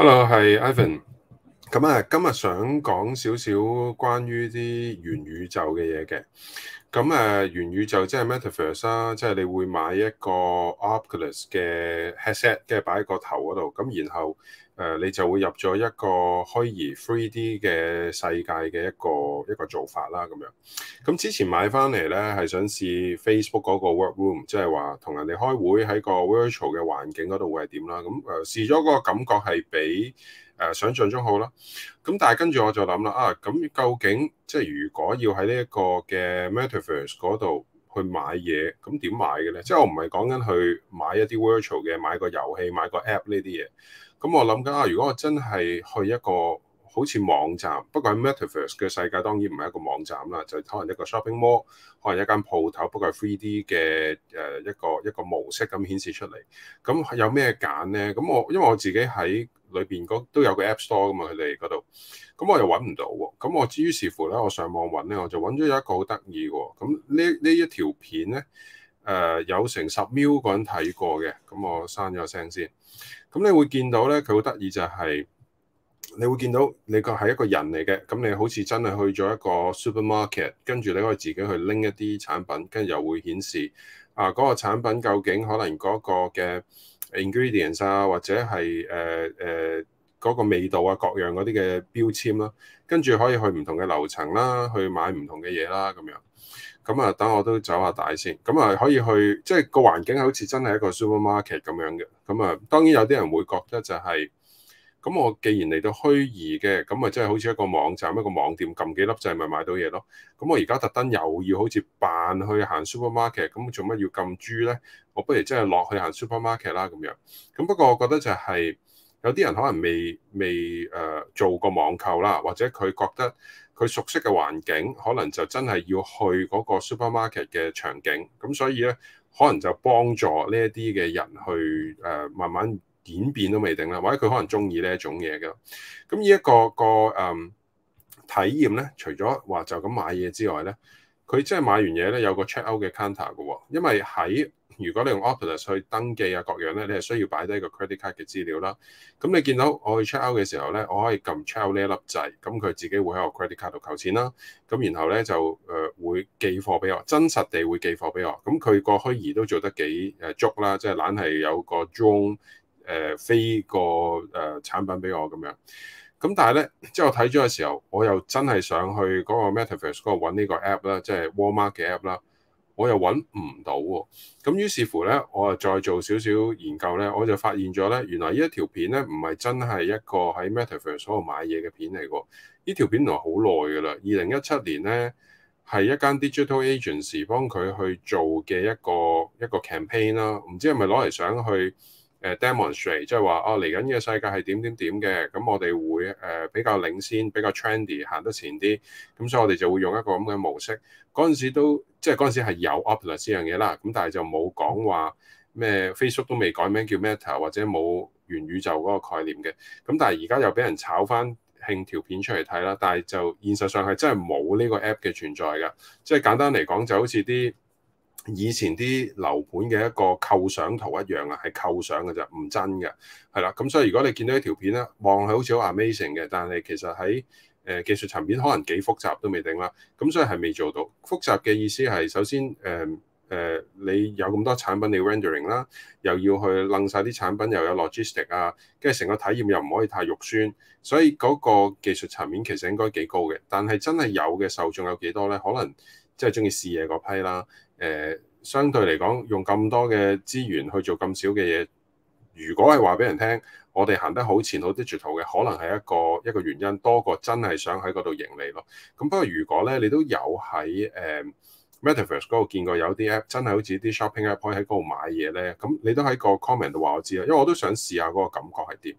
Hello，係 Ivan，咁啊、嗯，今日想講少少關於啲元宇宙嘅嘢嘅，咁、嗯、誒，元宇宙即係 Metaverse 啦，即係你會買一個 Oculus 嘅 headset，跟住擺喺個頭嗰度，咁然後。誒，你就會入咗一個虛擬 3D 嘅世界嘅一個一個做法啦，咁樣咁之前買翻嚟咧，係想試 Facebook 嗰個 Work Room，即係話同人哋開會喺個 virtual 嘅環境嗰度會係點啦。咁誒、呃、試咗嗰個感覺係比誒、呃、想像中好啦。咁但係跟住我就諗啦啊，咁究竟即係如果要喺呢一個嘅 metaverse 嗰度，去買嘢，咁點買嘅呢？即係我唔係講緊去買一啲 virtual 嘅，買個遊戲、買個 app 呢啲嘢。咁我諗緊啊，如果我真係去一個。好似網站，不過喺 Metaverse 嘅世界當然唔係一個網站啦，就可能一個 shopping mall，可能一間鋪頭，不過係 3D 嘅誒、一個一個模式咁顯示出嚟。咁有咩揀咧？咁我因為我自己喺裏邊都有個 App Store 㗎嘛，佢哋嗰度，咁我又揾唔到喎。咁我至於是乎咧，我上網揾咧，我就揾咗有一個好得意嘅。咁呢呢一條片咧，誒、呃、有成十秒個人睇過嘅。咁我刪咗聲先。咁你會見到咧，佢好得意就係。你會見到你個係一個人嚟嘅，咁你好似真係去咗一個 supermarket，跟住你可以自己去拎一啲產品，跟住又會顯示啊嗰、嗰個產品究竟可能嗰個嘅 ingredients 啊，或者係誒誒嗰個味道啊各樣嗰啲嘅標籤啦、啊，跟住可以去唔同嘅樓層啦，去買唔同嘅嘢啦咁樣。咁啊，等我都走下大先。咁啊，可以去即係、就係、個環境好似真係一個 supermarket 咁樣嘅。咁啊，當然有啲人會覺得就係、係。咁我既然嚟到虛擬嘅，咁咪真係好似一個網站一個網店撳幾粒掣咪買到嘢咯。咁我而家特登又要好似扮去行 supermarket，咁做乜要撳 G 咧？我不如真係落去行 supermarket 啦咁樣。咁不過我覺得就係、係、有啲人可能未未誒、呃、做過網購啦，或者佢覺得佢熟悉嘅環境，可能就真係要去嗰個 supermarket 嘅場,場景。咁所以咧，可能就幫助呢一啲嘅人去誒、呃、慢慢。演變，變都未定啦，或者佢可能鍾意呢一種嘢嘅，咁呢一個、嗰個誒、呃、體驗咧，除咗話就咁買嘢之外咧，佢即係買完嘢咧有個 check out 嘅 counter 嘅喎、哦，因為喺如果你用 Opus 去登記啊各樣咧，你係需要擺低個 credit card 嘅資料啦。咁你見到我去 check out 嘅時候咧，我可以撳 check out 呢一粒掣，咁佢自己會喺我 credit card 度扣錢啦。咁然後咧就誒、呃、會寄貨俾我，真實地會寄貨俾我。咁佢個虛擬都做得幾誒足啦，即係懶係有個鐘。誒、呃、飛個誒、呃、產品俾我咁樣咁，但係咧，即係我睇咗嘅時候，我又真係想去嗰個 Metaverse 嗰度揾呢個 app 啦，即係 Walmart 嘅 app 啦，我又揾唔到喎。咁於是乎咧，我誒再做少少研究咧，我就發現咗咧，原來呢一條片咧唔係真係一個喺 Metaverse 嗰度買嘢嘅片嚟嘅。呢條片原來好耐㗎啦，二零一七年咧係一間 Digital Agency 幫佢去做嘅一個一個 campaign 啦。唔知係咪攞嚟想去？誒 demonstrate 即係話哦嚟緊呢個世界係點點點嘅，咁我哋會誒、呃、比較領先，比較 trendy 行得前啲，咁所以我哋就會用一個咁嘅模式。嗰陣時都即係嗰陣時係有 Opera 呢樣嘢啦，咁但係就冇講話咩 Facebook 都未改名叫 Meta 或者冇元宇宙嗰個概念嘅，咁但係而家又俾人炒翻興條片出嚟睇啦，但係就現實上係真係冇呢個 app 嘅存在㗎，即係簡單嚟講就好似啲。以前啲樓盤嘅一個構想圖一樣啊，係構想嘅咋，唔真嘅。係啦，咁所以如果你見到一條片咧，望係好似好 amazing 嘅，但係其實喺誒技術層面可能幾複雜都未定啦。咁所以係未做到。複雜嘅意思係首先誒誒、呃呃，你有咁多產品你 rendering 啦，又要去楞晒啲產品，又有 logistic 啊，跟住成個體驗又唔可以太肉酸，所以嗰個技術層面其實應該幾高嘅。但係真係有嘅受眾有幾多咧？可能。即係中意試嘢嗰批啦，誒、呃，相對嚟講用咁多嘅資源去做咁少嘅嘢，如果係話俾人聽，我哋行得好前好 digital 嘅，可能係一個一個原因多過真係想喺嗰度盈利咯。咁不過如果咧，你都有喺誒、呃、Metaverse 嗰度見過有啲 app 真係好似啲 shopping app 可以喺嗰度買嘢咧，咁你都喺個 comment 度話我，我知啦，因為我都想試下嗰個感覺係點。